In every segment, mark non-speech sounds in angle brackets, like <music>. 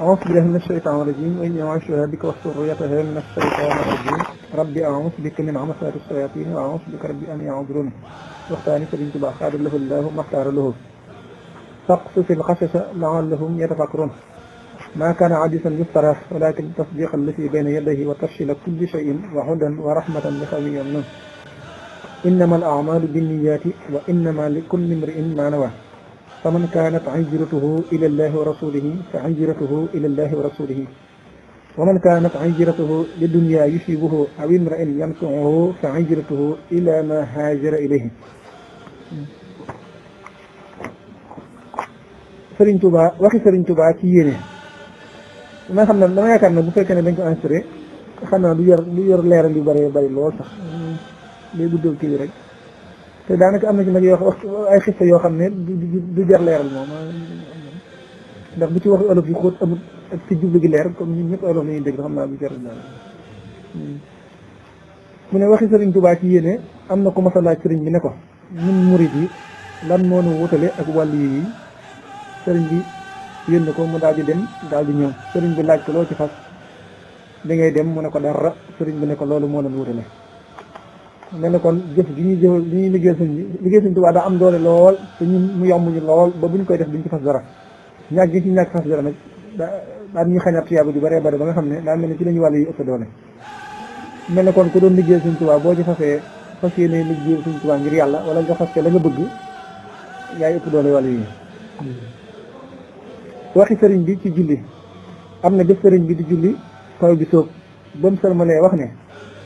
أعوذ بالله من الشيطان الرجيم وإني أعيشها بك وحريتها من الشيطان الرجيم ربي أعوذ بك من عمسات الشياطين وأعوذ بك ربي أن يعذرون واختاني فبنت بأخار له الله ما اختار له في القصص لعلهم يتفكرون ما كان عاجزا يفترى ولكن تصديقا الذي بين يديه وتفصيل كل شيء وهدى ورحمة لقوم يؤمنون إنما الأعمال بالنيات وإنما لكل امرئ ما نوى فمن كانت عجرته إلى الله ورسوله فعجرته إلى الله ورسوله ومن كانت عجرته للدنيا يشيبه أو امرئ ينفعه فعجرته إلى ما هاجر إليه Sëriñ Tuubaa waxi Sëriñ Tuubaa ci yéene dama xam ne dama yaakaar ne bu fekkee ne dañ ko inspiré xam day guddal kii bi rek te daanaka am na ci nag yoo xam ay xista yoo xam ne du jar leeral moom ndax bu ci wax olof yi xóot ak ci jublu gi leer comme ñun ñëpp olof la ñuy xam naa bu jar daal hmm. mu ne waxi sëriñ ci yéene am na ko mas a laaj sëriñ bi ne ko ñun murit yi lan moo nu wutale ak wàllu yi sëriñ bi yónni ko mu daal di dem daal di ñëw sëriñ bi laaj ko loo ci fas da ngay dem mu ne ko dara sëriñ bi ne ko loolu moo leen wutale ne na kon jëf gi ñuy jëf li ñuy liggéey sëñ bi liggéey sëñ Tuubaa daa am doole lool te ñun mu yomb ñu lool ba bu ñu koy def duñ ci fas dara ñàkk gi ci ñàkk fas dara nag daan ñuy xañat tuyaaba ju bëree bëri ba nga xam ne daa mel ne ci la ñu wàll yu ëpp doole mel ne kon ku doon liggéey sëñ Tuubaa boo ci fasee fas yéene liggéey sëñ Tuubaa ngir yàlla wala nga fas ca la nga bëgg yaay ëpp doole wàll yi waxi sëriñ bi ci julli am na def sëriñ bi di julli taw bi soog wax ne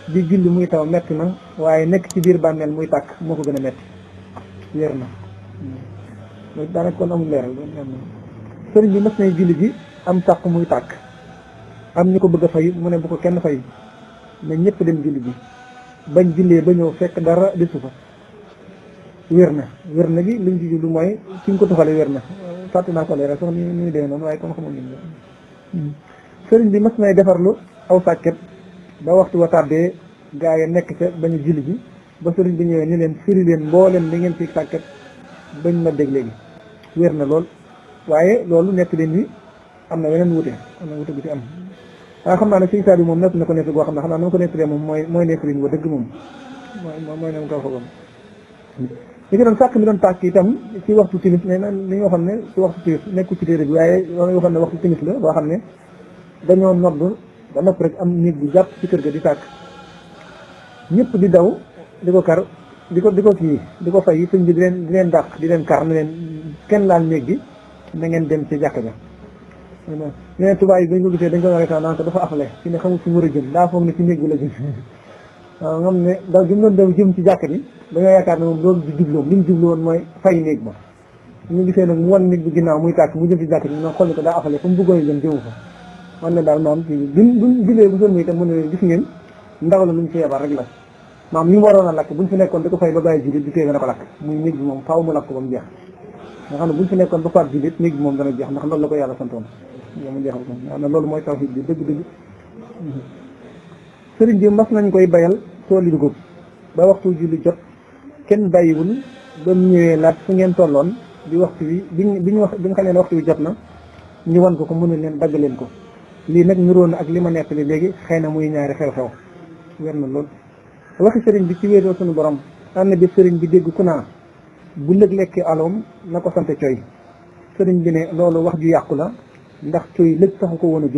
di julli muy taw metti na waaye nekk ci biir bàmmeel muy tàkk moo ko gën a metti wér na hmm. loolu daanaka kon amul leeral sëriñ bi mas nay julli gi am sàq muy tàkk am ñu ko bëgg a fay mu ne bu ko kenn fay ne ñëpp dem julli ji bañ jullee ba ñëw fekk dara desu fa wér na wér na gi liñ ci julli mooy ki nga ko tuxale wér na fàtte naa ko leer sax ni muy demee noonu waaye kon xamul ñu hmm. sëriñ bi mas nay defarlu aw sàkket ba waxtu wa tàddee gaa yi nekk ca bañu julli bi ba sëriñ bi ñëwee ni leen firi leen mbooleem li ngeen fi sàkkat bañ ma dég léegi wér na lool waaye loolu nekk leen ni am na weneen wute am na wute bu am waaye xam naa ne sëñ Saaliw moom nett na ko nett goo xam ne xam naa na ko nettalee moom mooy mooy nekk liñ wa dëgg moom mooy mooy nam ko foogam li ko doon sàkk mi doon tàkk itam ci waxtu timis ne na li ñoo xam ne ci waxtu timis nekku ci téere bi waaye yoo xam ne waxtu timis la boo xam ne dañoo nodd ba nopp rek am néeg bu jàpp ci kër ga di tàkk ñëpp di daw di ko kar di ko di ko kii di ko fay sëñ leen di leen dàq di leen kar ne leen kenn laal néeg bi na ngeen dem ci jàkk ja ñeneen tubaab yi dañ ko gisee dañ ko reetaan naan ko dafa afale a jëm ne ci néeg bi la jëm <laughs> waaw nga xam ne daw gi yaakaar ne moom loolu di jubloom li mu mooy fay néeg ba ñu gisee nag mu wan néeg bi ginnaaw muy tàkk mu jëm ci jàkk bi nag xool ni ko daa afale fa mu jëm jëmu fa man na daal maam ci buñ buñ jullee bu sonni itam mën na gis ngeen ndaw la luñ ci yebal rek la maam ñu waroon a lakk buñ fi nekkoon da ko fay ba bàyyi jullit di téye dana ko lakk muy néeg bi moom faaw mu lakk ko ba mu jeex nga xam ne buñ fi nekkoon ba faat jullit néeg bi moom dana jeex ndax loolu la ko yàlla santoon mu jeexal ko nga xam ne loolu mooy tawhid bi dëgg-dëgg sëriñ bi mas koy bayal tool yi dugub ba waxtu julli jot kenn bàyyiwul ba mu ñëwee laat fu ngeen tolloon di waxtu bi biñ biñ wax bi nga xam ne waxtu jot na ñu wan ko ko mën leen dagg leen ko lii nag niróo na ak li ma nettali léegi xëy na muy ñaari xew-xew wér na lool waxi sëriñ bi ci wéetoo suñu borom am na bi sëriñ bi dégg ku naa bu lëg lekkee aloom na ko sant coy sëriñ bi ne loolu wax ju yàqu la ndax coy lëg taxu ko woon a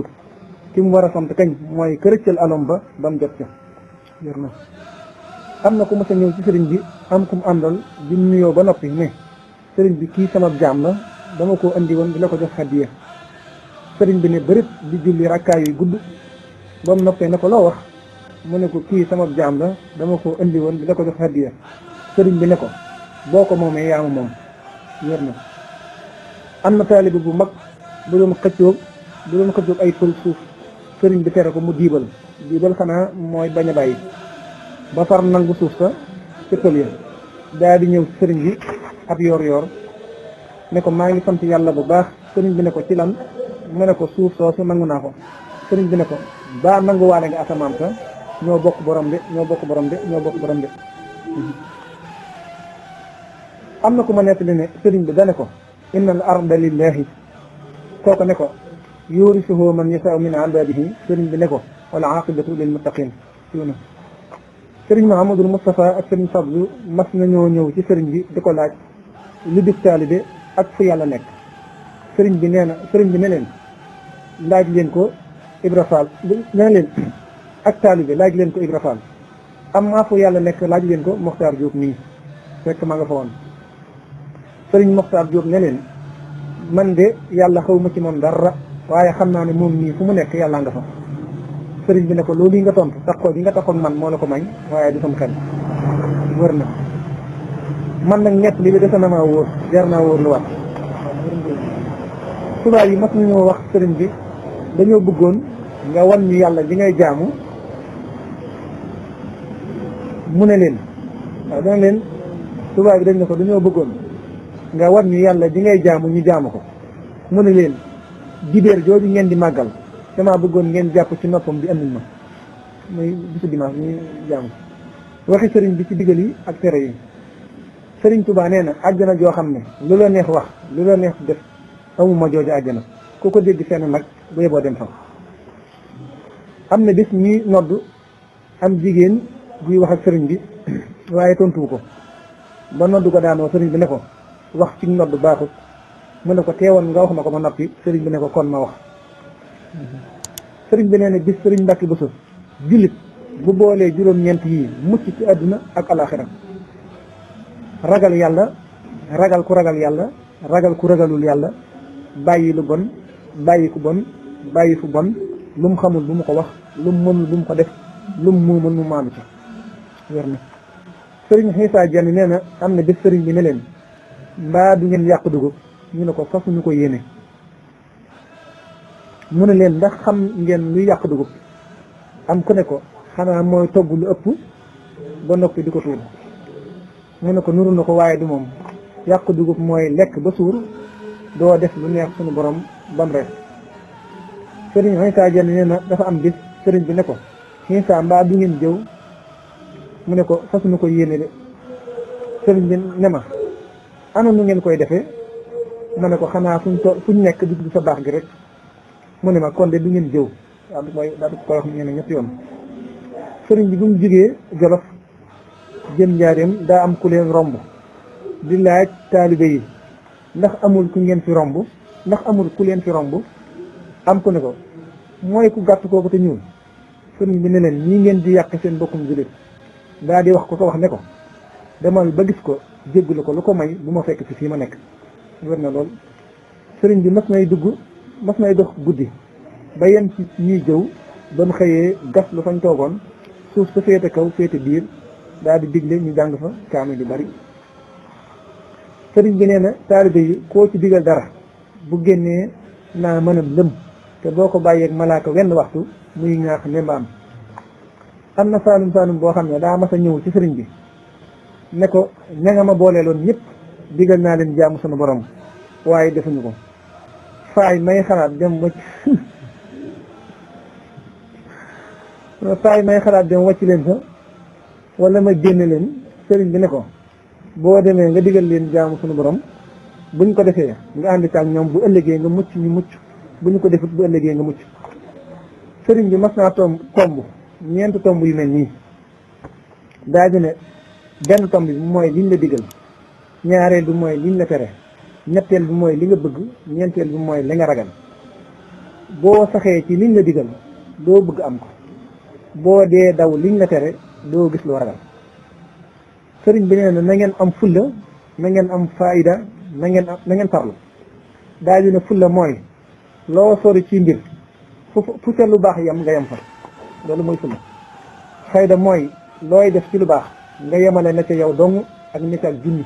ki mu war a sant kañ mooy kërëccal alom ba ba mu jot ca wér na am na ku mos ñëw ci sëriñ bi am ku mu àndal bi nuyoo ba noppi ne sëriñ bi kii sama jaam la dama koo indi woon di la ko jox xaddiya sëriñ bi ne bërit di julli rakkaa yu gudd ba noppee na ko loo wax mu ne ko kii sama jaam la dama ko indi woon di la ko jox hadiya sëriñ bi ne ko boo ko moomee yaamu moom wér na am na taalibi bu mag bu doon xëccoog bu doon xëccoog ay pël suuf sëriñ bi tere ko mu diibal diibal xanaa mooy bañ a bàyyi ba far nangu suuf sa ca pël ya daa di ñëw sëriñ bi ab yoor yoor ne ko maa ngi sant yàlla bu baax sëriñ bi ne ko ci lan nga ne ko suuf soosu nangu naa ko sëriñ bi ne ko baa nanguwaale nga asamaan sa ñoo bokk borom de ñoo bokk boroom de ñoo bokk borom de am na ku ma nettali ne sëriñ bi dane ko inna al arda lillahi kooku ne ko yurisuhu man yasau min ibadihi sëriñ bi ne ko wal aqibatu lil muttaqin siuna sëriñ Mahamadul Moustapha ak sëriñ Fadlu mas nañoo ñëw ñëw ci sëriñ bi di ko laaj lu dig taalibe ak fu yàlla nekk sëriñ bi nee na sëriñ bi ne leen laaj leen ko Ibra Fall nee leen ak taalibe laaj leen ko Ibra Fall am maa fu yàlla nekk laaj leen ko Moxtaar jóob nii fekk ma nga fa woon sëriñ Moxtaar Diop ne leen man de yàlla xaw ma ci moom dara waaye xam naa ne moom nii fu mu nekk yàlla nga fa sëriñ bi ne ko loolu yi nga tontu taxoo bi nga taxoon man moo la ko may waaye du sam xel wër na man nag ñett li bi defe na maa wóor jar naa wóor lu waat subaa yi mas nañoo wax sëriñ bi dañu bëggoon nga wan ñu yàlla ji ngay jaamu mu ne leen waaw dana leen tubaab bi dañ ne ko dañoo bëggoon nga wan ñu yàlla di ngay jaamu ñu jaamu ko mu ne leen dibéer jooju ngeen di màggal dama bëggoon ngeen jàpp ci noppam bi andil ma muy bisu dimanche ñu jaamu waxi sëriñ bi ci digal yi ak tere yi sëriñ tuba nee na àjjana joo xam ne lu la neex wax lu la neex def amuma jooju àjjana ku ko dégg seen nag bu yeboo dem fa am na bis ñuy nodd am jigéen guy wax ak sëriñ bi <coughs> waaye tontuwu ko ba nodd ko daanoo sëriñ bi ne ko wax ci nodd baaxut mu ne ko teewoon nga wax ma ko ma noppi sëriñ bi ne ko kon ma wax sëriñ bi nee na bis sëriñ Mbàkke Buso jullit bu boolee juróom-ñeent yii mucc ci àdduna ak alaxira ragal yàlla ragal ku ragal yàlla ragal ku ragalul yàlla bàyyi lu bon bàyyi ku bon bàyyi fu bon lu mu xamul bu mu ko wax lu mu mu ko def lu mu mën mu maandu ci wér na sëriñ Xiisa Jeen nee na am na bés sëriñ bi ne leen mbaa du ngeen yàq dugub ñu ne ko fas ñu ko yéene mu ne leen ndax xam ngeen luy yàq dugub am ku ne ko xanaa mooy togg lu ëpp ba noppi di ko tuur mu ne ko nuru na ko waaye du moom yàq dugub mooy lekk ba suur doo def lu neex suñu borom bam rek sëriñ Insa Diagne nee na dafa am bis sëriñ bi ne ko Insa mbaa du ngeen jëw mu ne ko fas nu ko yéene de sëriñ bi ne ma ana nu ngeen koy defee mu ne ko xanaa fuñ to fuñ nekk di sa baax gi rek mu ne ma kon de du ngeen jëw daal du koy daal du koy wax ñu ne ñetti yoon sëriñ bi bu mu jugee Jolof jëm njaareem daa am ku leen romb di laaj taalibe yi ndax amul ku ngeen fi romb ndax amul ku leen fi romb am ko ne ko mooy ku gàtt kooku te ñuul sëriñ bi ne leen ñii ngeen di yàq seen bokkum jullit daa di wax ko ko wax ne ko demal ba gis ko jéggalu ko lu ko may bu ma fekk si fii ma nekk wér na lool sëriñ bi mas may dugg mas may dox guddi ba yem ci ñuy jëw ba mu xëyee gas lu fañ toogoon suuf sa féete kaw féete biir daal di digle ñu jàng fa kaami lu bari sëriñ bi nee na taalibe yi koo ci digal dara bu génnee naa mën lëm te boo ko bàyyeeg malaaka wenn waxtu muy ñaax mbaam am na saalum saalum boo xam ne daa mas a ñëw ci sëriñ bi ne ko ña nga ma booleeloon ñëpp digal naa leen jaamu sama borom waaye defuñu ko faay may xalaat dem wacc <laughs> faay may xalaat dem wacc leen sa wala ma génne leen sëriñ bi ne ko boo demee nga digal leen jaamu sunu borom buñ ko defee nga ànd ñoom bu ëllëgee nga mucc ñu mucc bu ñu ko defut bu ëllëgee nga mucc sëriñ bi mas naa tomb tomb ñeent tomb yu mel nii daa di ne benn tomb bi mooy liñ la digal ñaareel bi mooy liñ la tere ñetteel bi mooy li nga bëgg ñeenteel bi mooy li nga ragal boo saxee ci liñ la digal doo bëgg am ko boo dee daw liñ la tere doo gis loo ragal sëriñ bi nee na na am fulla na ngeen am faayida na ngeen na ngeen farlu daa ne fulla mooy loo sori ci mbir fu fu ca lu baax yam nga yem fa loolu mooy sunna fayda mooy looy def ci lu baax nga yemale na ca yow dong ak nit ak junni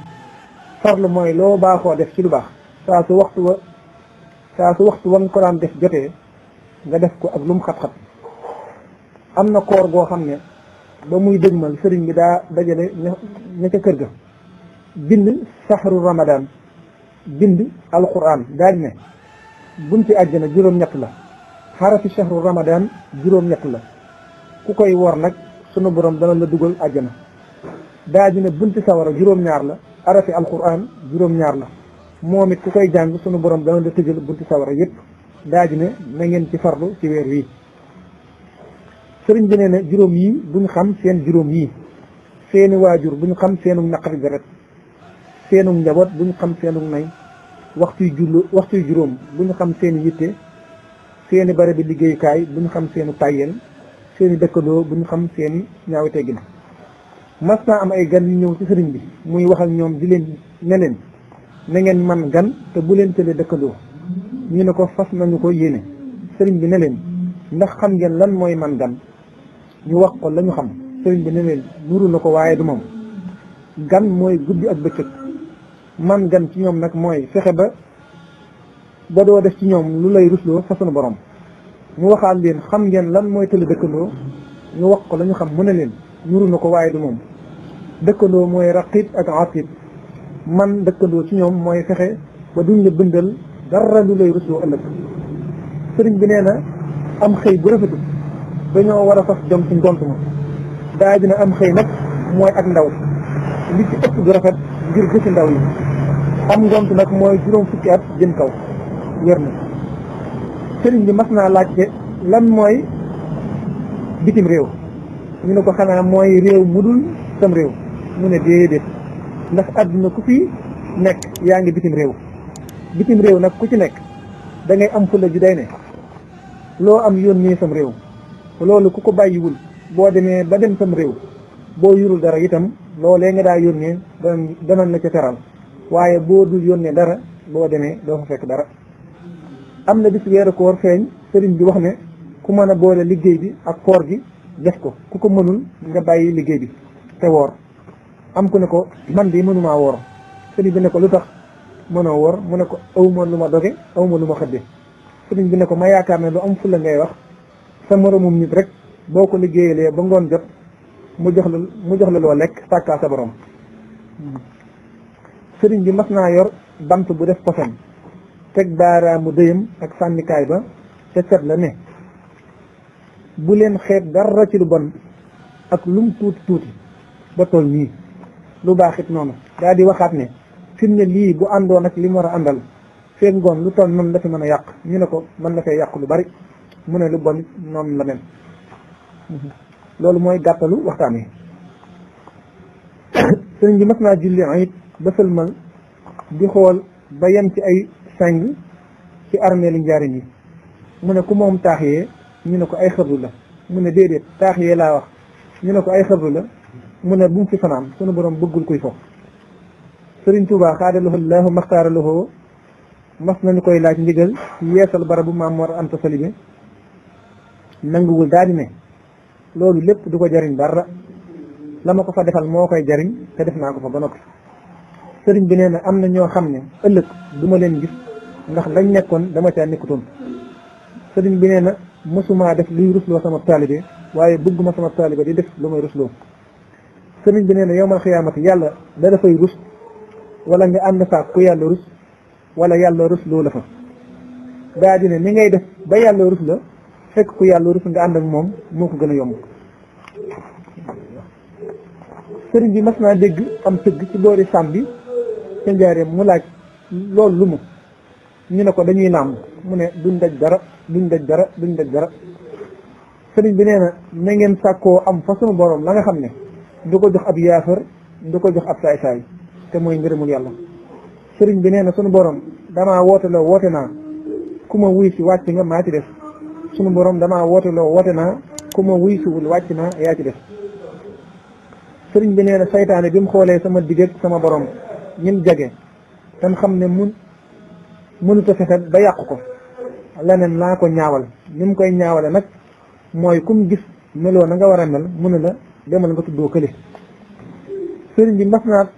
mooy loo baaxoo def ci lu baax saa su waxtu wa saa su waxtu wa nga ko daan def jotee nga def ko ak lum xat-xat am na koor goo xam ne ba muy dëgmal sëriñ bi daa dajale ña ca kër ga bind saxaru ramadan bind alquran daañ ne bunti àjjana juróom-ñett la xarafi shahru ramadan juróom-ñett la ku koy wor nag sunu borom dana la dugal àjjana daa ji ne bunti sawara juróom-ñaar la arafi alquran juróom-ñaar la moom it ku koy jàng sunu borom dana la tëjal bunti sawara yépp daa ji ne na ngeen ci farlu ci weer wii sëriñ bi nee ne juróom yi buñ xam seen juróom yii seeni waajur buñ xam seenu naqari deret seenu njaboot buñ xam seenu nay waxtuy jullu waxtuy juróom bu ñu xam seen yitte seeni bi liggéeyukaay bu ñu xam seenu tàyyeel seeni dëkkandoo bu ñu xam seeni ñaawi la mas naa am ay gan yu ñëw ci sëriñ bi muy wax ak ñoom di leen ne leen na ngeen man gan te bu leen tëlee dëkkandoo ñu ne ko fas nañu ko yéene sëriñ bi ne leen ndax xam ngeen lan mooy man gan ñu wax ko lañu ñu xam sëriñ bi ne leen nuru na ko waaye du moom gan mooy guddi ak bëccëg man gan ci ñoom nag mooy fexe ba ba doo def ci ñoom lu lay rusloo fa sunu borom ñu waxaat leen xam ngeen lan mooy tële dëkkandoo ñu wax ko la ñu xam mu ne leen ñuru na ko waaye du moom dëkkandoo mooy raqib ak atib man dëkkandoo ci ñoom mooy fexe ba duñ la bindal dara lu lay rusloo ëllëg sëriñ bi nee na am xëy bu rafetu dañoo war a fas jom ci ngont ma daa dina am xëy nag mooy ak ndaw li ci ëpp du rafet ngir gëstu ndaw yi xam ngont nag mooy juróom fukki at jëm kaw wér na sëriñ bi mas naa laajte lan mooy bitim réew ñu ne ko xanaa mooy réew mu dul sam réew mu ne déedéet ndax àdduna ku fi nekk yaa ngi bitim réew bitim réew nag ku ci nekk dangay am fulla ju day ne loo am yoon sam réew loolu ku ko bàyyiwul boo demee ba dem sam réew boo yurul dara itam loolee nga daal yónnee danañ danañ la ca teral waaye boo dul yónnee dara boo demee doo fa fekk dara am na bis weeru koor feeñ sëriñ bi wax ne ku mën a boole liggéey bi ak koor gi def ko ku ko mënul nga bàyyi liggéey bi te woor am ku ne ko man bi mënumaa woor sëriñ bi ne ko lu tax mënoo woor mu ne ko awma lu ma doge awma lu ma xëdde sëriñ bi ne ko ma yaakaar ne lu am fulla ngay wax sa moromum nit rek boo ko liggéeyalee ba ngoon jot mu jox la mu jox la loo lekk sàkkaa sa borom sëriñ bi mas naa yor bant bu def poson teg baaraamu dëyam ak sànnikaay ba ca set la ne bu leen xeet dara ci lu bon ak lum tuuti tuuti ba toll nii lu baax it noonu daal di waxaat ne fi mu ne lii bu àndoon ak li mu war a àndal feeg ngoon lu tool noonu la fi mën a yàq ñu ne ko mën na fee yàq lu bari mu ne lu bon it noonu la mel loolu mooy gàttalu waxtaan yi <coughs> sëriñ bi mas naa julli it ba sëlmal di xool ba yem ci ay sàng ci armeelu njaarim yi mu ne ku moom taax yee ñu ne ko ay xërlu la mu ne déedéet taax yee laa wax ñu ne ko ay xërlu la mu ne bu mu ci fanaan sunu borom bëggul kuy foofu sëriñ Tuubaa xaadalahu laahu maxtaaralahu mas nañu koy laaj ndigal ci yeesal barabu maam Mor Anta Sali bi nanguwul daal di ne loolu lépp du ko jariñ dara la ma ko fa defal moo koy jariñ te def naa ko fa ba noppi sëriñ bi nee na am na ñoo xam ne ëllëg du ma leen gis ndax dañ nekkoon dama caa nekkutoon sëriñ bi nee na mësumaa def luy rusloo sama taalibe waaye bëgguma sama taalibe di def lu may rusloo sëriñ bi nee na yowmal xiyaamati yàlla da dafay rus wala nga ànd faa ku yàlla rus wala yàlla rus ne ni ngay def ba yàlla rus la yàlla rus nga ànd ak moom moo ko gën a yomb sëriñ bi mas naa dégg am tëgg ci boori sàmm bi ca njaareem mu laaj lool lu mu ñu ne ko dañuy nàmm mu ne duñ daj dara duñ daj dara duñ daj dara sëriñ bi nee na ngeen sàkkoo am fa sunu borom la nga xam ne du ko jox ab yaafar du ko jox ab saay-saay te mooy ngërëmul yàlla sëriñ bi nee na sunu borom damaa woote loo woote naa ku ma wuy si wàcc nga maa ci def sunu borom damaa woote woote naa ku ma wuy wàcc naa yaa ci def sëriñ bi nee na bi mu xoolee sama digg sama boroom ñim jege tan xam ne mun mënut a fexe ba yàq ko leneen laa ko ñaawal ni mu koy ñaawale nag mooy kum gis meloo na nga war a mel mënu la demal nga tuddoo kële sëriñ bi mas naa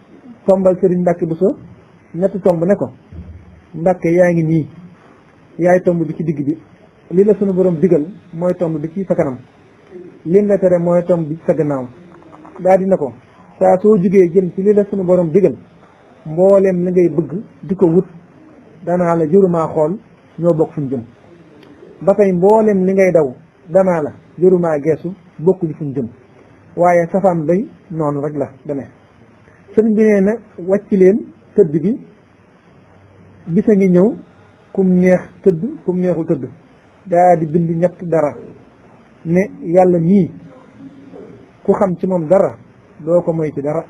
tombal sëriñ Mbàkke Buso ñetti tomb ne ko Mbàkke yaa ngi nii yaay tomb bi ci digg bi lii la sunu borom digal mooy tomb bi ci sa kanam lim la tere mooy tomb bi ci sa gannaaw daa dina ko saa soo jugee jëm ci li la sunu borom digal mboolem la ngay bëgg di ko wut danaa la jurumaa xool ñoo bokk fuñ jëm ba tey mboolem li ngay daw danaa la jurumaa geesu bokkuñ fuñ jëm waaye safaan bay noonu rek la demee sëriñ bi nee na wàcc leen tëdd bi bisa ngi ñëw kum neex tëdd kum neexul tëdd daa di bind ñett dara ne yàlla nii ku xam ci moom dara doo ko moy ci dara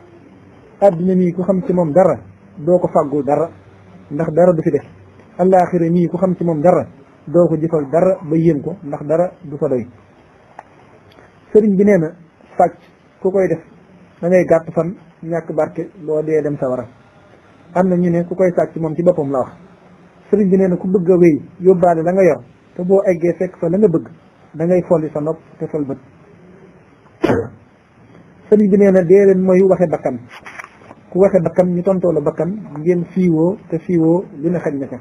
àdduna mii ku xam ci moom dara doo ko fàggul dara ndax dara du fi def allaaxira mii ku xam ci moom dara doo ko jëfal dara ba yéen ko ndax dara du fa doy sëriñ bi nee na sàcc ku koy def da ngay gàtt fan ñàkk barke loo dee dem sa wara am na ñu ne ku koy sàcc moom ci boppam la wax sëriñ bi nee na ku bëgg a wéy yóbbaale la nga yor te boo eggee fekk fa la nga bëgg da ngay folli sa nopp te fol bët <coughs> sëriñ bi nee na dee leen mooy waxe bakkan ku waxe bakkan ñu tontoo la bakkan ngeen fiiwoo te fiiwoo li na xaj na ko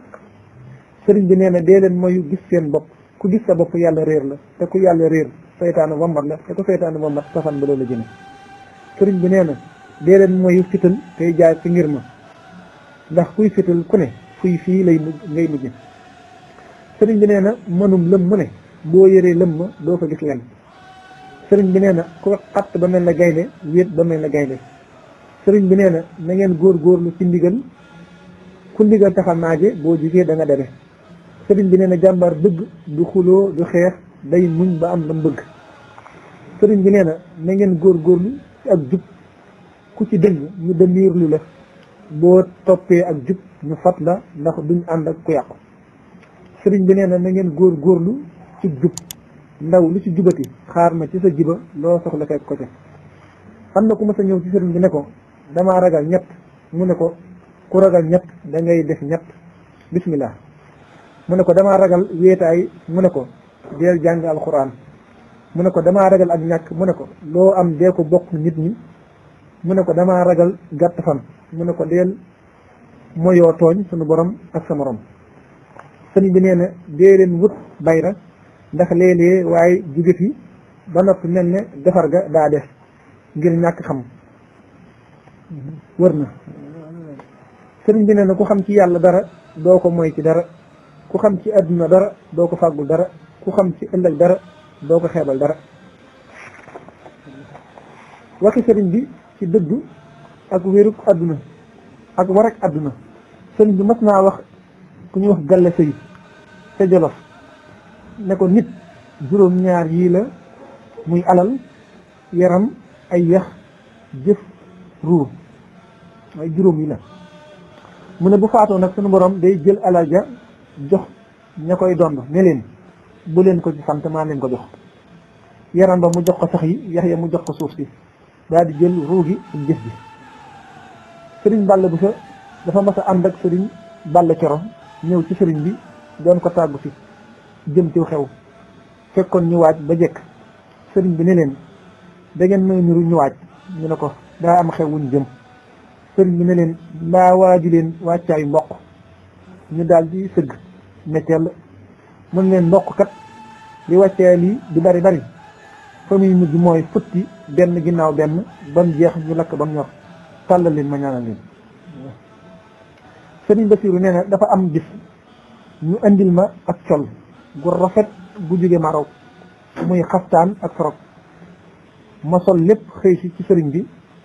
sëriñ bi nee na dee leen mooy gis seen bopp ku gis sa bopp yàlla réer la te ku yàlla réer seytaane wambat la te ku seytaane wambat safan ba loola jëne sëriñ bi nee na dee leen mooy fital tey jaay ci ngir ma ndax kuy fital ku ne fuy fii lay mujj ngay mujj sëriñ bi nee na mënum lëm mu ne boo yëree lëm ma doo ko gis lenn sëriñ bi nee na ku xatt ba mel na gaynde wéet ba mel na gaynde sëriñ bi nee na góor ngeen góorgóorlu ci ndigal ku ndigal tax a naaje boo jugee danga nga deme sëriñ bi nee na jàmbaar dëgg du xuloo du xeex day muñ ba am la bëgg sëriñ bi nee na na ngeen góorgóorlu ci ak jub ku ci dëng ñu demiir lu la boo toppee ak jub ñu fat la ndax duñ ànd ak ku yàqu sëriñ bi nee na na góor góorlu ci jub ndaw lu ci jubati xaar ma ci sa jiba loo soxla fekk ko ca am na ku ma sa ñëw ci sëriñ bi ne ko damaa ragal ñett mu ne ko ku ragal ñett dangay def ñett bismillah mu ne ko damaa ragal wéetaay mu ne ko deel jàng alquran mu ne ko damaa ragal ak ñàkk mu ne ko loo am dee ko bokk nit ñi mu ne ko dama ragal gàtt fan mu ne ko deel moyoo tooñ sunu borom ak sa morom sëñ bi nee na dee leen wut bayra ndax léeg waaye jóge fi ba noppi mel ne defar ga daa def ngir ñàkk xam wër na sëriñ bi ne na ku xam ci yàlla dara doo ko moy ci dara ku xam ci àdduna dara doo ko fàggul dara ku xam ci ëllëg dara doo ko xeebal dara waxi sëriñ bi ci dëddu ak wéruk adduna ak warak àdduna sëriñ bi mas naa wax ku ñuy wax gàlla sëy ca jolof ne ko nit juróom ñaar yii la muy alal yaram ay yax jëf ruub mooy juróom yi la mu ne bu faatoo nag sunu boroom day jël alal ja jox ña koy dond ne bu leen ko ci sant maa leen ko jox yaram ba mu jox ko sax yi yax ya mu jox ko suuf si daal di jël ruu gi ak ji sëriñ Balla bu sa dafa mas a ànd ak sëriñ Balla Coro ñëw ci sëriñ bi doon ko tàggu si jëm ci xew fekkoon ñu waaj ba jekk sëriñ bi ne leen da ngeen may niru ñu waaj ñu ne ko daa am xew wuñ jëm sëriñ bi ne leen mbaa waaju leen wàccaay mboq ñu daal di sëgg netteel mën leen mboq kat li wàccaay lii di bari bari fa muy mujj mooy futti benn ginnaaw benn ba jeex ñu lakk ba mu ñor tàllal leen ma ñaanal leen sëriñ Basiiru nee na dafa am gis ñu indil ma ak col gu rafet gu jóge Maroc muy xaftaan ak forog ma sol lépp xëy si ci sëriñ bi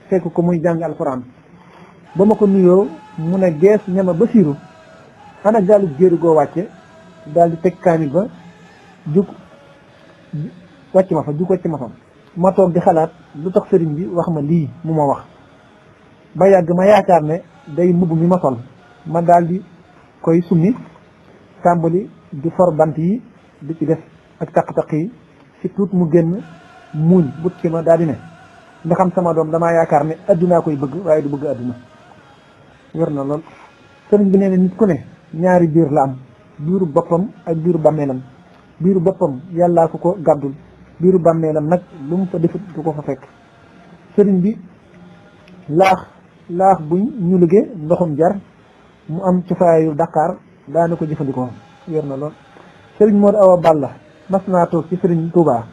fekk ko muy jàng alquran ba ma ko nuyoo mu ne gees ñama basiru ana gaalu géeru goo wàcce daal di teg kaamil ba jug wàcc ma fa jug wàcc ma fa ma toog di xalaat lu tax sëriñ bi wax ma lii mu ma wax ba yàgg ma yaakaar ne day mbubb mi ma sol ma daal di koy summi tàmbali di for bant yi di ci def ak taq-taq yi si tuut mu génn muuñ but ci ma daal di ne nga xam sama doom damaa yaakaar ne addunaa koy bëgg waaye du bëgg adduna wér na lool sëriñ bi nee na nit ku ne ñaari biir la am biiru boppam ak biiru bàmmeelam biiru boppam yàllaa ko ko gàddul biiru bàmmeelam nag lu mu fa defut du ko fa fekk sëriñ bi laax laax bu ñu liggéey ndoxum jar mu am cofaayu Dakar daana ko jëfandikoo wér na lool sëriñ Modou Awa la mas naa toog ci sëriñ Touba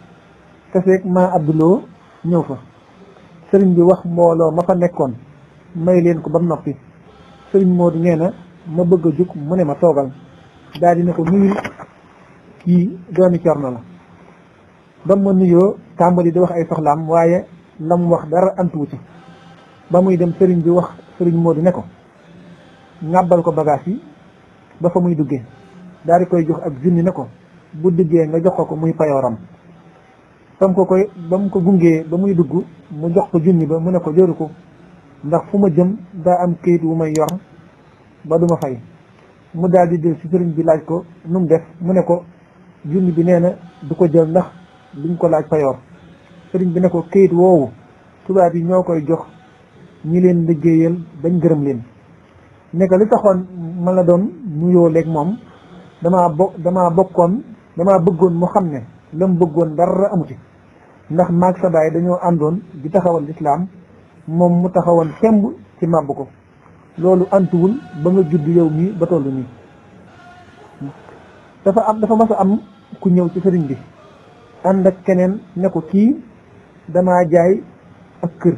te fekk maa Abdouloo ñëw fa sëriñ bi wax mbooloo ma fa nekkoon may leen ko ba mu noppi sëriñ moo di nee na ma bëgg a jug mu ne ma toogal daal ne ko nuyul kii doomi Cerno la ba ma nuyoo yi di wax ay soxlaam waaye la mu wax dara antuwu ci ba muy dem sëriñ bi wax sëriñ moo di ne ko ŋàbbal ko bagaas yi ba fa muy duggee daal di koy jox ak junni ne ko bu duggee nga jox ko ko muy payooram ba ko koy ba mu ko gungee ba muy dugg mu jox ko junni ba mu ne ko jëru ko ndax fu ma jëm daa am kayit wu may yor ba duma fay mu daal di del si sëriñ bi laaj ko nu mu def mu ne ko junni bi nee na du ko jël ndax duñ ko laaj payoor sëriñ bi ne ko kayit woowu tubaab yi ñoo koy jox ñi leen liggéeyal bañ gërëm leen ne ko taxoon ma la doon nuyoo léeg moom dama bo damaa bokkoon dama bëggoon mu xam ne la mu bëggoon dara amuti ndax maag sa dañoo àndoon di taxawal lislaam moom mu taxawoon temb ci màbb ko loolu antuwul ba nga judd yow mii ba toll nii dafa am dafa mas am ku ñëw ci sëriñ bi ànd ak keneen ne ko kii damaa jaay ak kër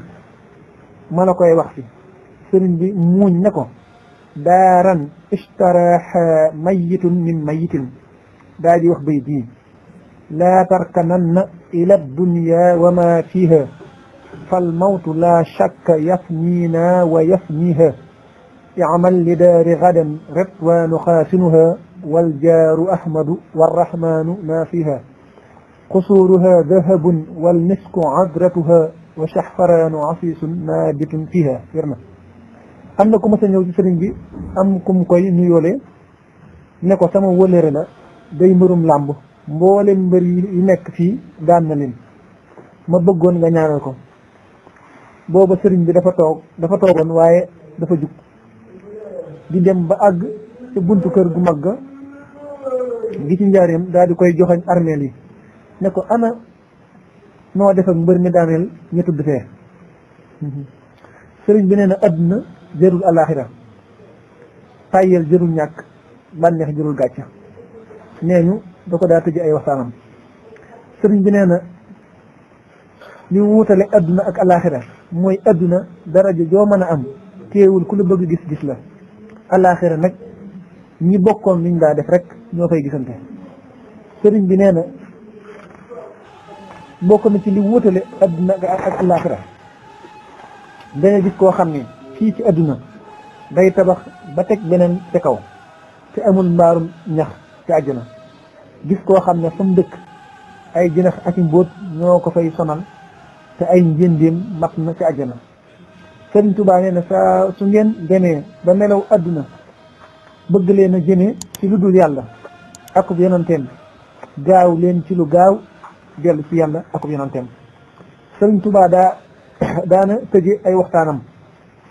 ma la koy wax fi sëriñ bi muuñ ne ko daaran ishtaraha mayitun min mayitin daal di wax bay bii لا تركنن إلى الدنيا وما فيها فالموت لا شك يفنينا ويفنيها اعمل لدار غدا رضوان خاسنها والجار أحمد والرحمن ما فيها قصورها ذهب والمسك عذرتها وشحفران عفيس نابت فيها فرنا أنكم na ku mas a ñëw ci sëriñ bi am ku mu لعبه mboolem mbër yi nekk fii daan ma bëggoon nga ñaanal ko booba sëriñ bi dafa toog dafa toogoon waaye dafa jug di dem ba àgg ci buntu kër gu mag ga gi ci njaareem daal di koy joxañ armeel yi ne ko ana noo def ak mbër mi daaneel ñu tudd fee mhm. sëriñ bi nee na àdduna jërul alaaxira tàyyeel jërul ñàkk bànneex jërul gàcce nee ñu da ko daa tëj ay waxtaanam sëriñ bi nee na li mu wutale adduna ak alaxira mooy adduna daraja joo mën a am téewul ku la bëgg gis gis la alaxira nag ñi bokkoon liñ daa def rek ñoo fay gisante sëriñ bi nee na ci li wutale adduna ak alaxira dana gis koo xam ne fii ci adduna day tabax ba teg beneen ca kaw te amul mbaarum ñax ci na gis koo xam ne fa mu dëkk ay jënax ak mbóot ñoo ko fay sonal te ay njëndéem mat na ci àjjana Sëriñ Tuubaa nee na saa su ngeen demee ba melaw àdduna bëgg leen a ci lu dul yàlla akub yonanteem gaaw leen ci lu gaaw dellu ci yàlla akub yonanteem Sëriñ Tuubaa daa <coughs> daana ay waxtaanam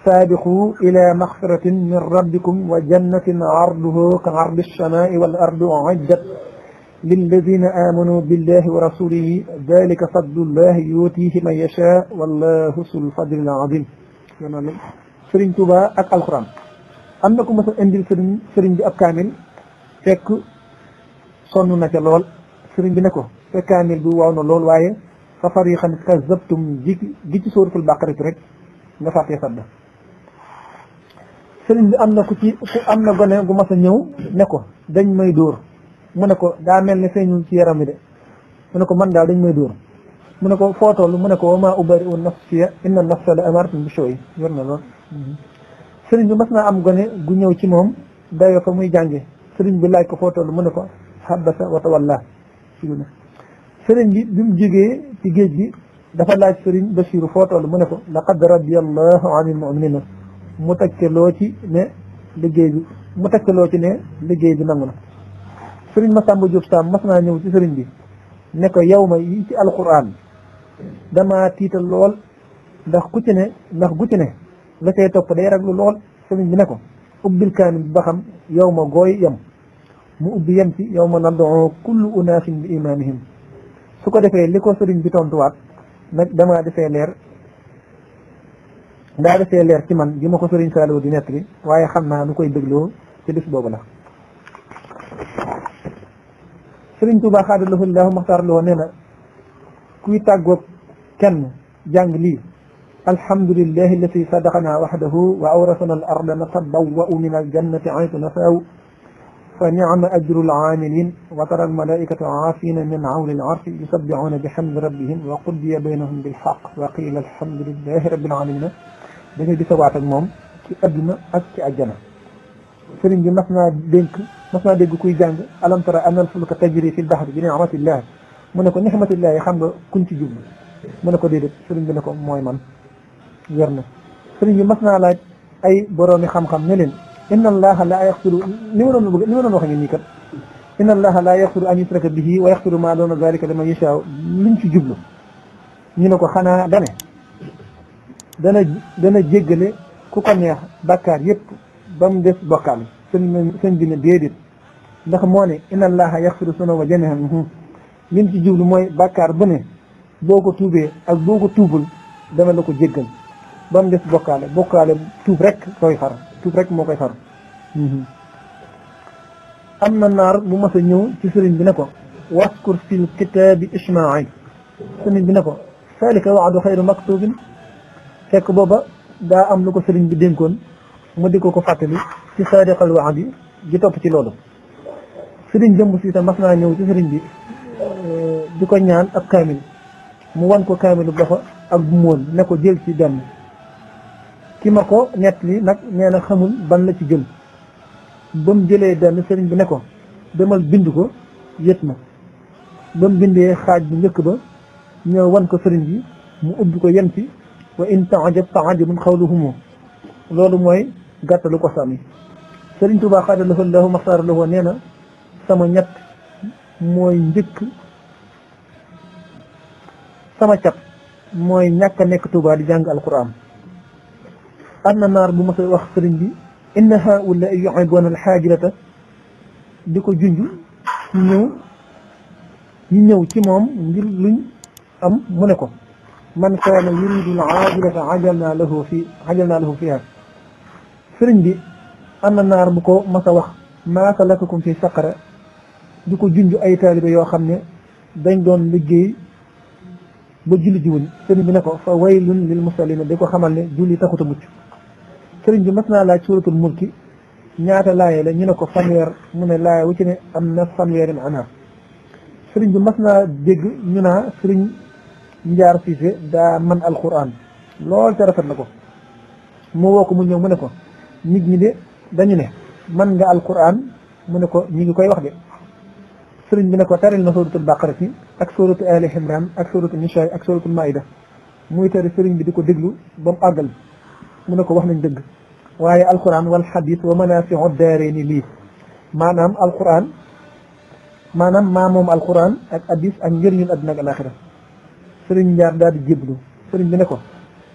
saabiqu ila maxfiratin min rabbikum wa jannatin arduha ka ardi samaai wal ardu uiddat للذين آمنوا بالله ورسوله ذلك فضل الله يؤتيه من يشاء والله ذو الفضل العظيم سرين توبا اك القران امناكو مسا انديل سرين سرين بي اب كامل فك سونو نك لول سرين بي نكو فكامل بو واونا لول واي ففريقا كذبتم جي جي سوره البقره ترك نفاتي صدا سرين بي امناكو تي امنا غنه غو مسا نيو نكو داني ماي دور mu ne ko daa mel ni feeñul ci yaram wi de mu ne ko man daal dañ may dóor mu ne ko foo toll mu ne ko wa maa ubari'u nafsiya inna nafsa la amaaratun bi sooy yor na lool sëriñ bi mas am gone gu ñëw ci moom dayoo fa muy jànge sëriñ bi laaj ko foo toll mu ne ko habasa wa tawalla sëriñ bi bi ci géej gi dafa laaj sëriñ Basiru foo toll mu ne ko laqad radiyallahu anil mu'minina mu teg loo ci ne liggéey bi mu teg loo ci ne liggéey bi nangu na sëriñ Massamba Diop Sam mas naa ñëw ci sëriñ bi ne ko yow ma yi ci alquran dama tiital lool ndax ku ci ndax gu ci ne la cay topp day raglu lool sëriñ bi ne ko ubbil bi ba xam yow ma gooy yem mu ubbi yem ci yow ma nadoo kullu unaasin bi imaamihim su ko defee li ko sëriñ bi tontuwaat nag damaa defee leer daa defee leer ci man gi ma ko sëriñ Saliou di nett bi waaye xam naa lu koy dégloo ci bis boobu la sëriñ Tuuba xaada lahu llahu maxtaar loo nee na kuy tàggoog kenn jàng lii alhamdulillahi allati sadaqana waxdahu wa awrasana al arda natabawwa'u min aljannati aytu nasaaw fa nicma ajru alcaamilin wa tara almalaikata caafina min cawli alcarshi yusabbicuuna bixamdi rabbihim wa qudiya baynahum bilxaq wa qiila alhamdulillahi rabbil caalamiin da ngay di sawaat ak moom ci adduna ak ci àjjana sëriñ bi mas naa dénk mas naa dégg kuy jàng alam tara anal fulka tajri fil bahri bi ni'matillah mu ne ko ni'matillah xam nga kuñ ci jublu mu ne ko déedéet sëriñ bi ne ko mooy man yor na sëriñ bi mas naa laaj ay boroomi xam-xam ne leen inna allaha la yaxfiru ni ma doon bëgg ni ma doon wax ngi nii kat inna allaha la yaxfiru an yusraka bihi wa yaxfiru maa doona dalika liman yashaa luñ ci jublu ñu ne ko xanaa dane dana dana jéggale ku ko neex bàkkaar yépp ba mu des bokkaale sëñ sëñ bi ne déedéet ndax moo ne inna allaha yaxfiru sunu wa jamihu liñ ci jublu mooy bàkkaar bu ne boo ko tuubee ak boo ko tuubul dama la ko jéggal ba mu des bokkaale bokkaale tuub rek koy xar tuub rek moo koy xar am na naar bu mas a ñëw ci sëriñ bi ne ko waskur fil kitaabi ismail sëriñ bi ne ko salika waadu xayru maktubin fekk booba daa am lu ko sëriñ bi dénkoon ma di ko ko fàttali ci saadiqal wa'di gi topp ci loolu sëriñ jëmb si itam naa ñëw ci sëriñ bi euh, di ko ñaan ak kaamil mu wan ko kaamilu loxo ak bu moon ne ko jël ci dem ki ma ko nett nag nee na xamul ban la ci jël ba mu jëlee benn sëriñ bi ne ko demal bind ko yët ma ba mu bindee xaaj bu njëkk ba ñëw wan ko sëriñ bi mu ubbi ko yem ci wa in taajab fa ajabun xawluhumu loolu mooy gàttalu ko sàmmi Sëriñ Tuubaa xaadalahoo lahu maxtaara lahoo nee na sama ñett mooy njëkk sama cat mooy ñàkk a nekk Tuubaa di jàng alquran am na naar bu mos a wax sëriñ bi inna haula yuhibbuna alxaajilata di ko junj ñu ñëw ci moom ngir luñ am mu ne ko man kaana yuridu al aajilata ajalnaa fiha sëriñ bi am na naar bu ko mas a wax lakk ko fi saqara di ko junj ay taalibe yoo xam ne dañ doon liggéey ba julli ji wuñ sëriñ bi ne ko fa waylun lil musallina di ko xamal ne julli taxut a mucc sëriñ bi mas naa laaj suuratul mulki ñaata laaye la ñu ne ko fanweer mu ne laaye wu ci ne am na fanweeri maanaam sëriñ bi mas naa dégg ñu naa sëriñ njaar siise daa man alquran lool te rafet na ko mu woo ko mu ñëw mu ne ko nit ñi de dañu ne man nga alquran mu ne ko ñi ngi koy wax de sëriñ bi ne ko taril na suratul baqara ak suratu ali imran ak suratu nisaa ak suratu maida muy tari sëriñ bi di ko déglu ba mu mu ne ko wax nañ dëgg waaye alquran wal xadis wa manafiu daareeni lii maanaam alquran maanaam maa moom alquran ak hadis ak njëriñul àdduna ak alaxira sëriñ njaar daal di jéblu sëriñ bi ne ko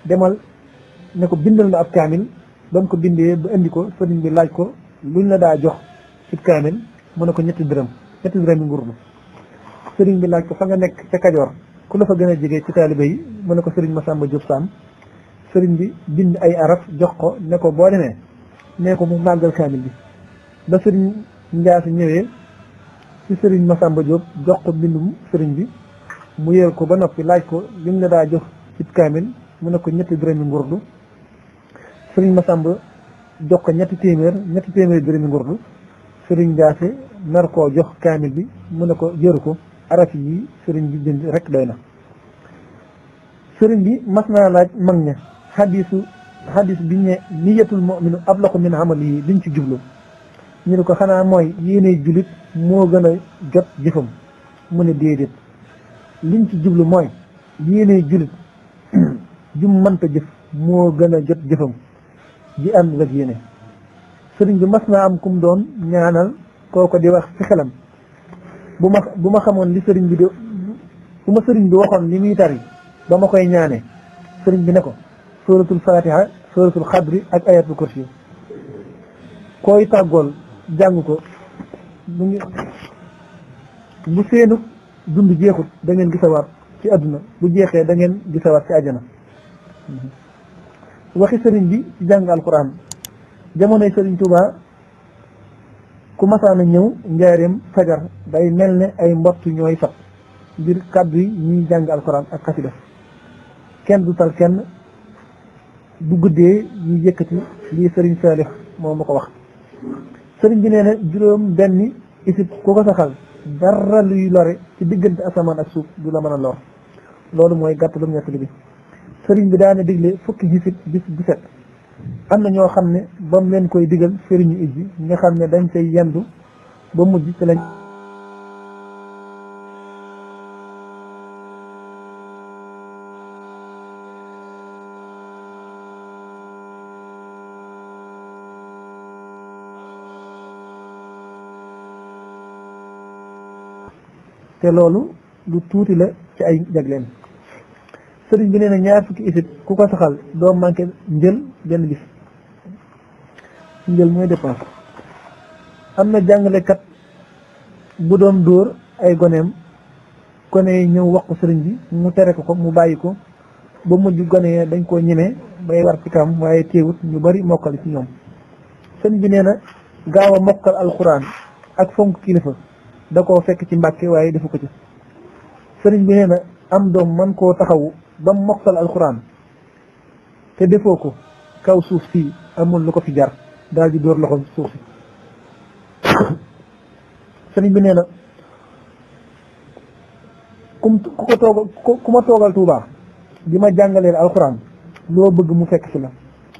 demal ne ko bindal na ab kaamil ba ko bindee ba indi ko sëriñ bi laaj ko luñ la daa jox ci kaamil mu ne ko ñetti dërëm ñetti dërëm yi nguur sëriñ bi laaj ko fa nga nekk ca Kajoor ku la fa gën a jege ci taaliba yi mu ne ko sëriñ Masamba Diop Sam sëriñ bi bind ay arab jox ko ne ko boo demee nee ko mu màggal kaamil bi ba sëriñ Ndiass ñëwee ci sëriñ Masamba Diop jox ko bindum sëriñ bi mu yër ko ba noppi laaj ko lim la daa jox ci kaamil mu ne ko ñetti dërëm yi nguur sëriñ Masamba jox ko ñetti téeméer ñetti téeméer dërëmi ngurdu sëriñ Jaase nar koo jox kaamil bi mu ne ko jëru ko araf yi sëriñ bi jënd rek doy na sëriñ bi mas naa laaj mag ña xadiisu xadiis bi ñu ne niyatul mu'minu ablaqu min amali yi liñ ci jublu ñu ne ko xanaa mooy yéene jullit moo gën a jot jëfam mu ne déedéet liñ ci jublu mooy yéene jullit <clears throat> jum mënta jëf moo gën a jot jëfam ji àndul ak sëriñ bi mas naa am kum doon ñaanal kooko di wax ci xelam bu ma bu ma xamoon li sëriñ bi di bu ma sëriñ bi waxoon li muy tari ba ma koy ñaane sëriñ bi ne ko suratul fatiha suratul xadri ak ayatul kursi koy tàggool jàng ko bu ngi bu seenu dund jeexut da ngeen gisawaat ci àdduna bu jeexee da ngeen gisawaat ci àjjana waxi sëriñ bi ci jàng alquran jamonoy sëriñ Touba ku masaana ñëw njaareem fajar day mel ne ay mbott ñooy fat ngir kàddu yi ñuy jàng alquran ak xasida kenn du tal kenn bu guddee ñu yëkkati lii sëriñ Saalix moo ma ko wax sëriñ bi nee na juróom benni isib ku ko saxal dara luy lore ci diggante asamaan ak suuf du la mën a lor loolu mooy gàttalum ñettali bi sëriñ bi daana digle fukki gisit bis bu am na ñoo xam ne ba mu leen koy digal sëriñu it bi nga xam ne dañ cay yendu ba mujj ci lañ te loolu lu tuuti la ci ay jagleen sëriñ bi nee na ñaar fukki isit ku ko saxal doo manqué njël benn bis njël mooy dépense am na jàngalekat bu doon dóor ay goneem gone yi ñëw wax ko sëriñ bi mu tere ko ko mu bàyyi ko ba mujj gone dañ koo ñemee bay war ci kam waaye teewut ñu bari mokkal ci ñoom sëriñ bi nee na gaaw a mokkal alxuraan ak fonk kilifa da koo fekk ci mbàkke waaye defu ko ci sëriñ bi nee na am doom man koo taxaw ba mokkal alquran te defoo ko kaw suuf si amul lu ko fi jar daal di dóor loxo suuf si <coughs> sëriñ bi nee na kum ku ko toogal ku ma toogal tuuba di ma jàngaleel alquran loo bëgg mu fekk si la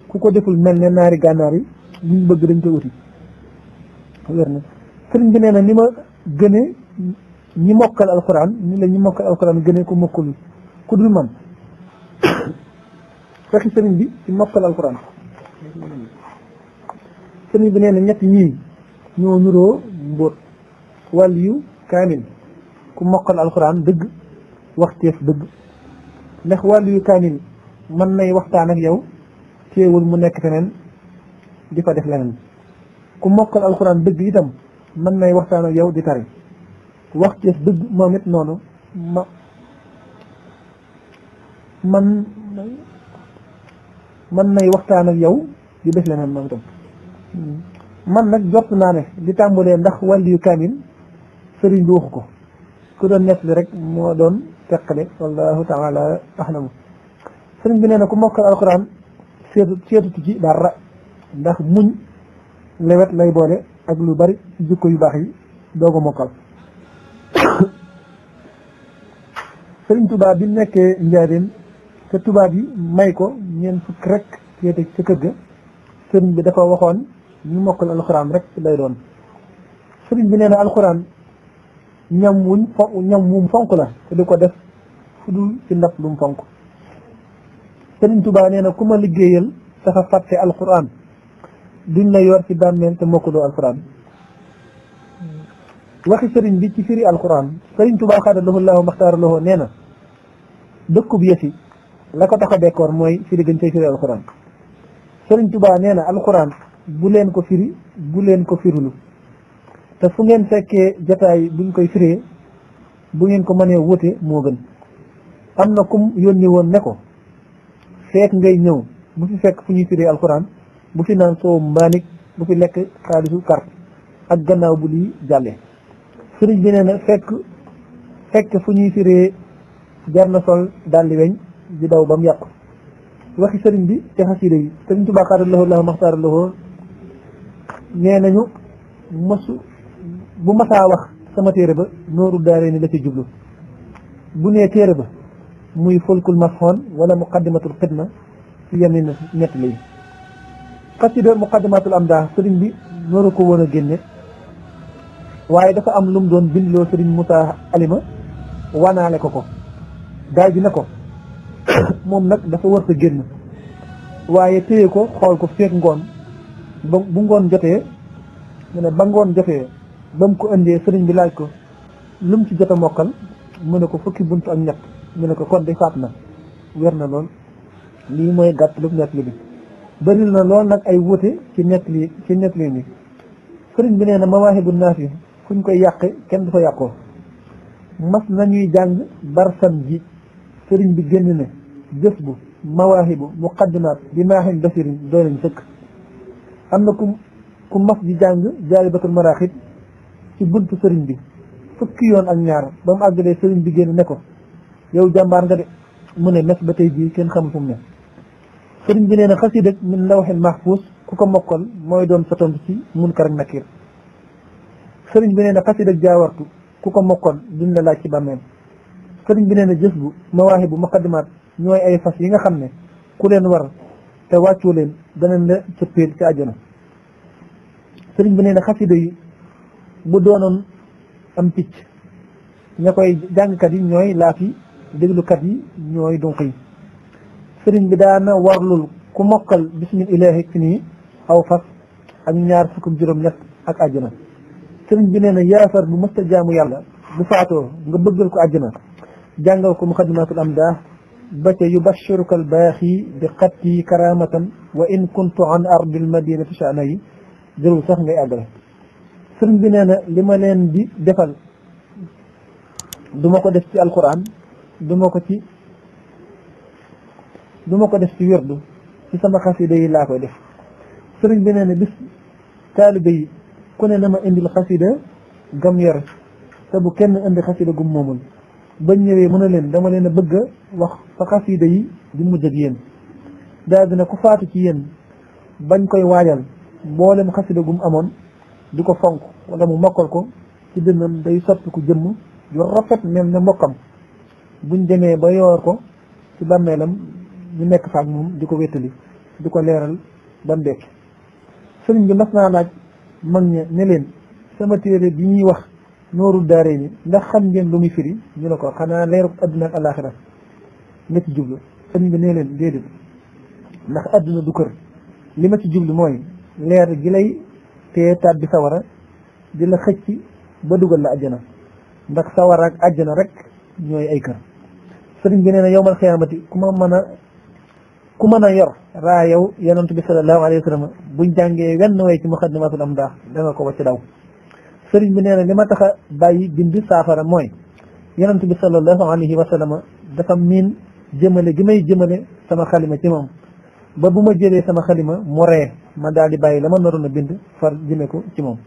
ku ko deful mel ne naari gànnaar yi ñu bëgg dañ ko uti wér na sëriñ bi nee na ni ma gëne ñi mokkal alquran ni la ñi mokkal alquran gëne ko mokkul ku dul man <coughs> fexi serigne bi ci mokkal alquran sëriñ bi neena ñet ñi ñoo ñuroo mbot waliyu kamil, ku mokkal alquran deug waxteef dëgg ndax waliyu yu man mën nay waxtaan ak yow teewul mu nekk fenen di def lenen ku mokkal alquran deug itam man nay waxtaan ak yow di tari wax ci dëgg moom noonu ma man man nay waxtaan ak yow di def leneen moom itam man nag jot naa ne di tàmbalee ndax wàllu yu kaamil sëriñ bi waxu ko ku doon nekk li rek moo doon teqale wallahu taala ahlamu sëriñ bi nee na ku mokkal alquran seetu seetutu ci dara ndax muñ lewet lay boole ak lu bari jikko yu baax yi doog a mokkal Sëriñ Tuubaa bi nekkee njaareem te tubaab yi may ko ñeent fukk rekk féete ca kër ga sëriñ bi dafa waxoon ñu mokkal alxuraan rek lay doon sëriñ bi nee na alxuraan ñam wuñ fo fonk la te du ko def fu dul ci ndab lu mu fonk sëriñ Tuubaa nee na ku ma liggéeyal dafa fàtte alxuraan duñ la yor ci bàmmeel te mokkaloo alxuraan waxi sëriñ bi ci firi alxuraan sëriñ Tuubaa xaada lahu llahu maxtaara lahu nee na dëkkub yëfi la ko tax a mooy firi gën cay firi alxuraan Sëriñ Tuubaa nee na alxuraan bu leen ko firi bu leen ko firulu te fu ngeen fekkee jataay buñ koy firee bu ngeen ko mënee wute moo gën am na kum yónni woon ne ko feek ngay ñëw bu fi fekk fu ñuy firee alxuraan bu fi naan soo mbaanik bu fi lekk xaalisu kart ak gannaaw bu lii jàllee sëriñ bi nee fekk fu ñuy firee jar na sol daldi weñ di daw ba mu yàqu waxi sëriñ bi te xasiida yi sëriñ Tuubaa xaadalahoo laahu maxtaaralahoo nee nañu masu bu masaa wax sama téere ba nooru daare ni la ci jublu bu nee téere ba muy fulkul mafhoon wala muqaddimatul xidma ci yenn nett lay xasida muqaddimatul amdah sëriñ bi nooru ko woon a génne waaye dafa am lu doon bindloo sëriñ Moussa Alima wanaale ko ko gaay bi ne ko <coughs> moom nag dafa war sa génn waaye téye ko xool ko feek ngoon ba bu ngoon jotee mu ne ba ngoon jotee ba mu ko indee sëriñ bi laaj ko lu mu ci jot a mokkal mu ne ko fukki bunt ak ñett mu ne ko kon de faat na wér na lool lii mooy gàtt lu nekk li bi bëri na lool nag ay wuute ci nekk li ci nekk li bi sëriñ bi nee na mawaahibu naafi fu ñu koy yàqe kenn du fa yàqoo mas nañuy jàng barsam ji sëriñ bi génn ne jës bu mawaahibu muqaddimaat bi maaxin basirin doo nañ sëkk am na ku ku mas di jàng jaalibatul maraaxib ci buntu sëriñ bi fukki yoon ak ñaar ba mu àggalee sëriñ bi génn ne ko yow jàmbaar nga de mu ne mes ba tey jii kenn xamul fu ne sëriñ bi nee na xasiid ak min lawxin mahfuus ku ko mokkal mooy doon soton ci munkar ak nakiir sëriñ bi nee na xasiid ak jaawartu ku ko mokkal duñ la laaj ci bàmmeel sëriñ bi nee na jës bu mawaahi bu muqaddimaat ñooy ay fas yi nga xam ne ku leen war te wàccoo leen danañ la cëppeel ci àjjana sëriñ bi nee na xasida yi bu doonoon am picc ña koy jàngkat yi ñooy laaf yi déglukat yi ñooy dunq yi sëriñ bi daana warlul ku mokkal bismillahi ci nii aw fas ak ñaar fukk juróom ñett ak àjjana sëriñ bi nee na yaafar bu mësta jaamu yàlla bu faatoo nga bëggal ko àjjana jàngal ko muqaddimatul amdah ba ca yubashiruka albaaxi bi xatti karamatan wa in kuntu an ardil madinati sha'na yi jërul sax ngay àggale sëriñ bi nee leen di defal duma ko def ci alquran du ma ko ci du ma ko def ci wérdu ci sama xasida yi laa koy def sëriñ bi nee na bis taalibe yi ma indil xasida gam yor te bu kenn indi xasida gum bañ ñëwee mën a leen dama leen a bëgg wax sa xasida yi di mujj ak yéen daal dina ku faatu ci yéen bañ koy waajal mboolem xasida gum amoon di ko fonk wala mu mokkal ko ci dënnam day sottiku jëmm yu rafet mel ne mbokkam buñ demee ba yoor ko ci bàmmeelam ñu nekk faak moom di ko wéttali di ko leeral ba mu dekk sëriñ bi mas naa laaj mag ña ne leen sama téere bi ñuy wax nooru daaree ni ndax xam ngeen lu muy firi ñu ne ko xanaa leer adduna ak alaxira la ci jublu sëñ bi nee ndax adduna du kër li ma ci jublu mooy leer gi lay tee tàbbi sawara di la xëcc ba dugal la ajjana ndax sawara ak ajjana rek ñooy ay kër sëriñ bi nee na yowmal ku ma mën a ku mën a yor raa yow yonent bi sallallahu alayhi wa sallam buñ jàngee wenn way ci muxaddimatul am daax da nga ko wacc daw sëriñ bi nee na li ma tax bàyyi bind saafara mooy yonent bi sallallahu alayhi wa sallam dafa miin jëmale gi may jëmale sama xalima ci moom ba bu ma jëlee sama xalima mu ree ma daal di bàyyi la ma naroon a bind far jëme ko ci moom.